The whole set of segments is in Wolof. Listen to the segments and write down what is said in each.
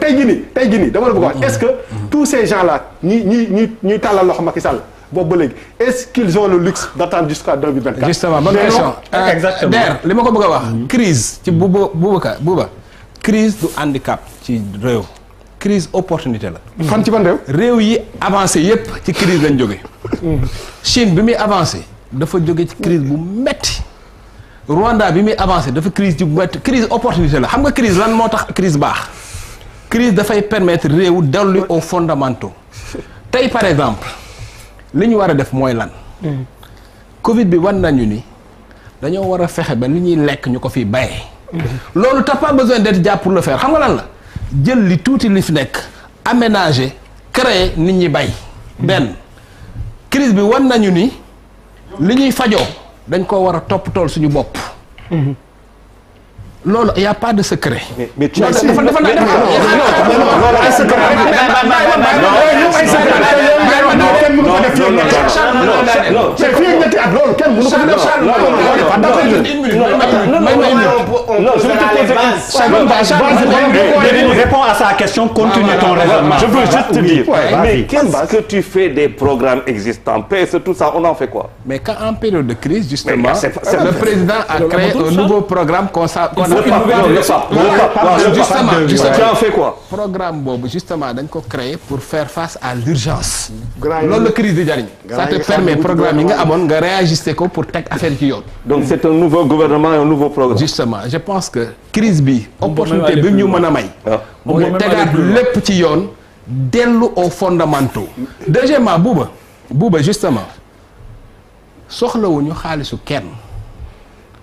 tey jii nii tey jii nii dama la bëgg a wax mm-hmm. que mm-hmm. tous ces gens là ñi ñi ñi ñuy tàllal loxo Macky Sall ba léegi est-ce qu'ils ont le luxe d'attendre jusqu'à 2024 justement bonne question euh, li ma ko bëgg wax mm-hmm. crise ci bu buubaka buuba crise du handicap ci réew crise opportunité la fan ci ban réew réew yi avancé yépp ci crise lañ jóge Chine bi muy avancé dafa jóge ci crise bu metti Rwanda bi muy avancé dafa crise bu metti crise opportunité la xam nga crise lan moo tax crise baax crise dafay permettre réew dellu aux fondamentaux tey par exemple li ñu war a def mooy lan mm. covid bi war nañu ni dañoo war a fexe ba li ñuy lekk ñu ko fi bayee loolu t'as pas besoin d'être jàpp pour le faire xam nga lan la jël li tuuti li fi nekk aménager créer nit ñi bay mm. benn crise bi wan nañu ni li ñuy fajoo dañ koo war a topp tool suñu bopp mm-hmm. loolu y' a pas de secret. mais mais dafa dafa dafa réponds à sa question, continue ton raisonnement. Je veux juste te dire, mais qu'est-ce que tu fais des programmes existants PSE, tout ça, on en fait quoi Mais quand en période de crise, justement, le président a créé un nouveau programme qu'on a... Justement, justement. Tu en fais quoi Programme boobu, justement, dañ ko créer pour faire face à l'urgence. Loolu la crise di jariñ nañ ça te permet programme yi nga amoon nga réajuster ko pour teg affaire ci yoon donc c'est un nouveau gouvernement un nouveau programme justement je pense que crise bi opportunité bi ñu mën a may ah. mooy tegaat lépp ci yoon dellu aux fondamentaux deuxièmement buuba buuba justement soxlawuñu xaalisu kenn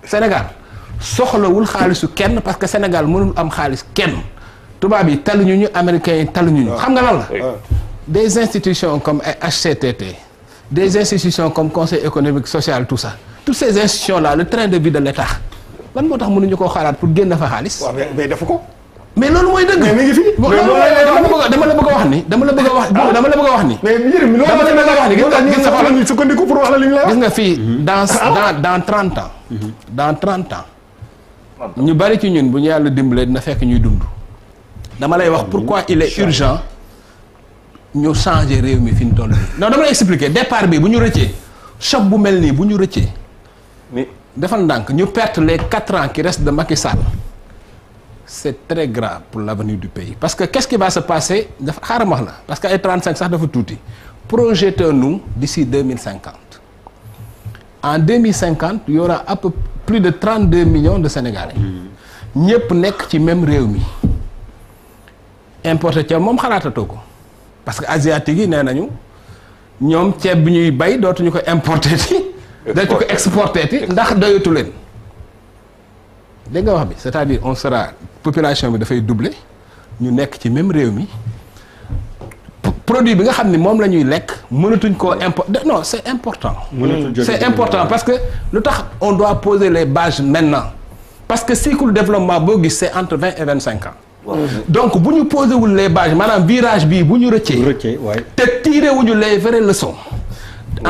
Sénégal soxlawul xaalisu kenn parce que Sénégal mënul am xaalis kenn tubaab yi taluñu ñu américains yi taluñu ñu ah. xam nga lan la des institutions comme ay HCTT des institutions comme conseil économique social tout ça toutes ces institutions là le train de vie de l'État moo tax mënuñu koo xalaat pour génn fa xaalis. mais loolu mooy dëgg. mais mi ngi fi dama la wax ni dama la bëgg wax dama la wax ni. mais yërim loolu dama la bëgg a wax ni ah. gis nga gis nga fii dans trent dans trente ans. dans trente ans. ñu bari ci ñun bu ñu yàlla dimbalee dina fekk ñuy dund. dama lay wax pourquoi il est urgent. ñu changé réew mi fi ñu toll nii non dama lay expliquer départ bi bu ñu rëccee choc bu mel nii bu ñu rëccee mais defal ndànk ñu perte les quatre ans qui restent de Macky Sall c'est très grave pour l'avenir du pays parce que qu'est-ce qui va se passer dafa xaaral wax la parce que ay 35 sax dafa tuuti projetons-nous d'ici 2050 en 2050 il y aura à peu plus de 32 millions de Sénégalais hmm. ñëpp nekk ci même réew mi importé ca moom xalaatatoo ko parce que asiatique yi nee nañu ñoom ceeb bi ñuy bay dootuñu ko importer ti dootuñu ko exporter ndax doyatu leen dégg nga wax bi c'est-à-dire on sera population bi dafay duble ñu nekk ci même réew mi produit bi nga xam ne moom la ñuy lekk mënatuñ koo import non c'est important c'est important parce que lu tax on doit poser les bases maintenant parce que cycle développement boo gis c'est entre vingt et vingt cinq ans donc bu ñu posé wul les bases maanaam virage bii bu ñu rëccee. te tiré wuñu les vraies leçons.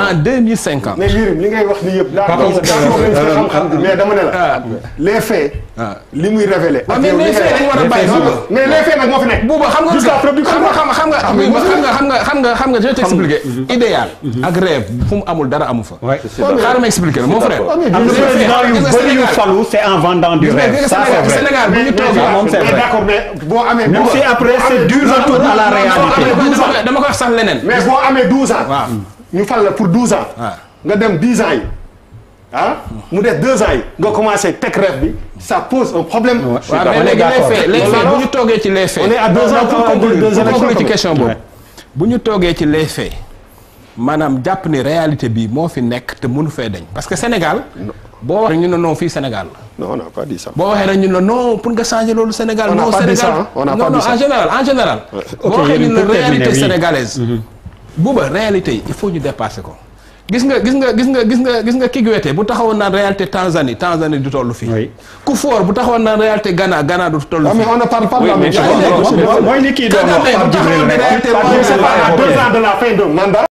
en deux mille cinquante. mais Yérim li ngay wax nii yëpp. daa doon xam-xam mais dama ne la. Ah. les faits. Ah. li muy révélé. ak ah, yow li ngay wax mais les faits nag moo fi nekk. buuba xam nga xam nga xam nga xam nga xam nga je vais t'expliquer. idéal. ak rêve fu mu amul dara amu fa. waay xaaral ma expliquer la mon frère. am na président yu bëri yu falu c'est en vendant du rêve. ça c'est vrai Sénégal bu ñu toogee moom c'est vrai. d'accord mais boo amee. même si après c'est dur retour à la réalité. dama ko wax sax leneen. mais boo amee douze ans. waaw. ñu fal la pour douze ans. Ah. nga dem dix ans yi. Ah mu def deux ans yi nga commencé teg ref bi ça pose un problème. waaw mais léegi les faits les faits bu ñu toogee ci les faits. on ci question boobu. bu ñu toogee ci les faits maanaam jàpp ni réalité bi moo fi nekk te mënu fee dañ. parce que Sénégal. boo waxee ñu ne non fii Sénégal la. non on n'a boo waxee rek ñu ne non pour nga changer loolu Sénégal. non en général en général. boo waxee ñu ne réalité sénégalaise. Mm-hmm. buuba réalité yi il faut ñu dépasser ko gis nga gis nga gis nga gis nga gis nga Kiguete bu taxawoon naan réalité Tanzanie Tanzanie du toll fii. oui ku foor bu taxawoon naan réalité Ghana Ghana du toll fii. mais on ne parle pas de la même chose mooy li kii doon wax Pape Djibril rek.